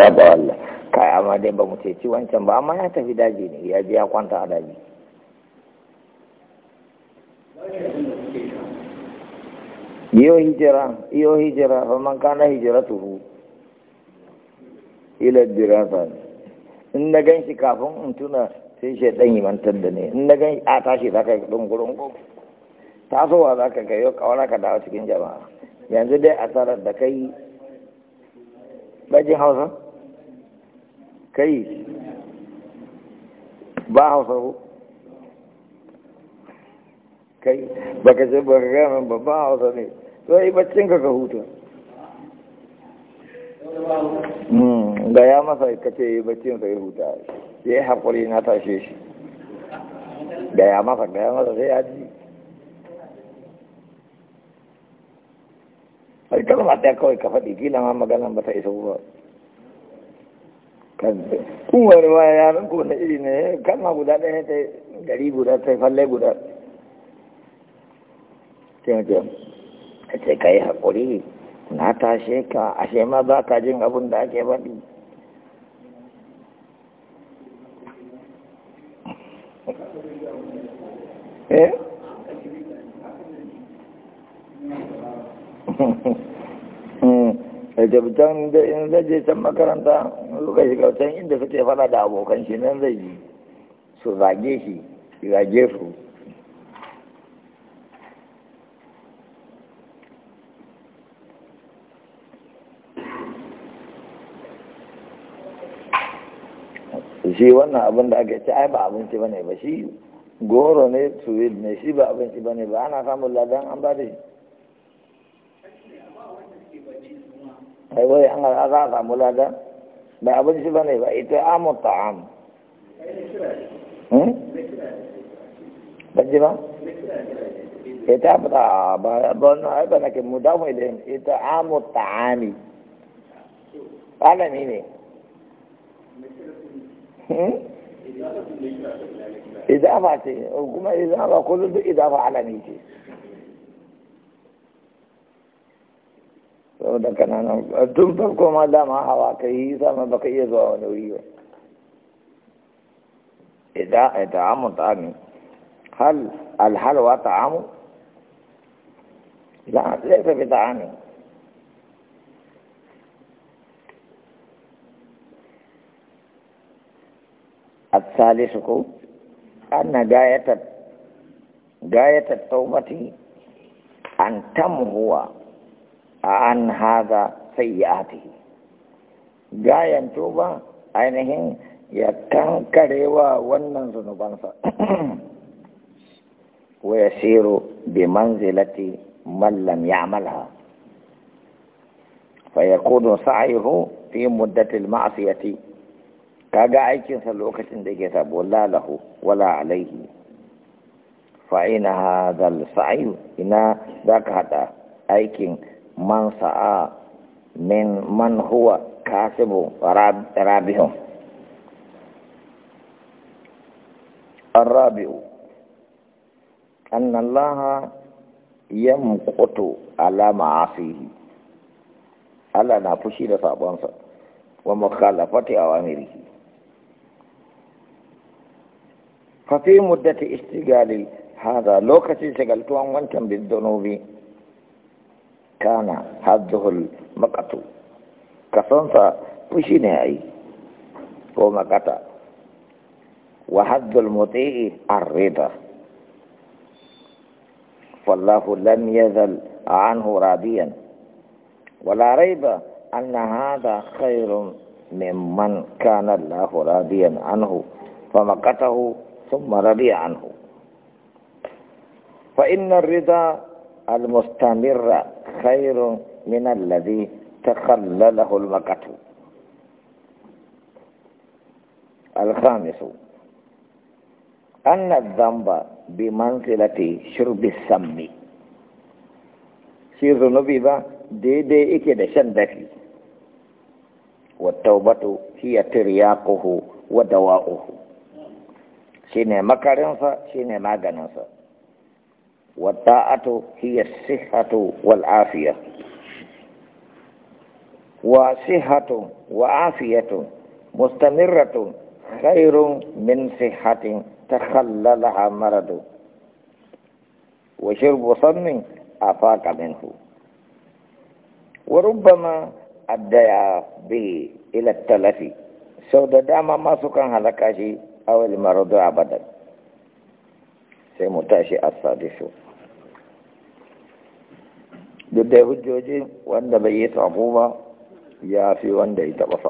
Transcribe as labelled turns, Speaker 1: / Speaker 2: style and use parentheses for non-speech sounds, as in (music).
Speaker 1: saba Allah kai amma dai ba mu ci wancan ba amma ya tafi daji ne ya je ya kwanta a daji iyo hijira iyo hijira fa man kana hijratuhu ila dirasa in na gan shi kafin in tuna sai shi dan yi mantar da ne in na gan a tashi za ka yi dungurin ko tasowa za ka kai yau wala ka dawo cikin jama'a yanzu dai asarar da kai bajin hausa kai ba hausa ko kai ba ka zai ba ba ba hausa ne to yi baccin ka ka hutu da hmm, ya masa kace yi baccin ka ya huta ya yi haƙuri na tashe shi da ya masa da ya masa sai ya ji ai kalma ɗaya kawai ka faɗi gina ma maganan ba ta isa ba kunwar ma yaran ko na iri ne kalma guda ɗaya ta gari guda ta falle guda taimakon a ce ka yi haƙuri na tashe ka ashe ma ba ka jin abin da ake faɗi eh jabtan da in zai je can makaranta suka shiga can inda suke fada da abokan shi nan zai yi su zage shi zage su shi wannan abin da aka ci ai ba abinci bane ba shi goro ne tuwil ne shi ba abinci bane ba ana samun ladan an ba da shi ai wai an za a samu lada ba abinci ba ne ba ita amun ta'am hmm? ban ji ba ita ba ba na aiba na ke muda mudamu idan ita amun ta'ami alami ne hmm? idafa ce kuma idafa kullum duk idafa alami ce أنا دا کنه نو دم په کومه دا هوا کوي سم بقيه زوونه ویو ادا ادا متامي هل الحل وطعام لا ليس بطعام الثالث ان غايه غايه التوبه ان تم هو A an haza sayyi'atihi gayan tuba ainihin ya kankarewa wannan zunubansa (clears throat) wa yasiru bi manzilati mallam ya ya'malha fa ya kudu sa'ihu fi muddatil ma'asiyati kaga aikinsa lokacin da ke sabo lalahu wala alaihi fa ina hadal al ina za zaka hada aikin من سعى من من هو كاسب رابهم الرابع أن الله يمقت على معافيه على نفشي لصابانسا ومخالفة أوامره ففي مدة استقالي هذا لو كسي سقلت وانتم بالذنوب كان حظه المقت كسنسا بشيني أي ومقت وحظ المطيع الرضا فالله لم يزل عنه راضيا ولا ريب أن هذا خير ممن كان الله راضيا عنه فمقته ثم رضي عنه فإن الرضا المستمر kairu mina ladi ta kalla la hulma an na zamba bi man sila ti shuru bi sammi shiru nubi ba daidai ike da shan daki wa taubatu shi a tiriya kuhu wa dawa uhu shi ne makarinsa shi ne maganinsa والطاعة هي الصحة والعافية وصحة وعافية مستمرة خير من صحة تخللها مرض وشرب صم أفاق منه وربما أدى به إلى التلف سود داما ما سكان هلكاشي أو المرض أبدا sai mu tashi a sadisu duk da hujjoji wanda bai yi sabu ba ya fi wanda ya taɓa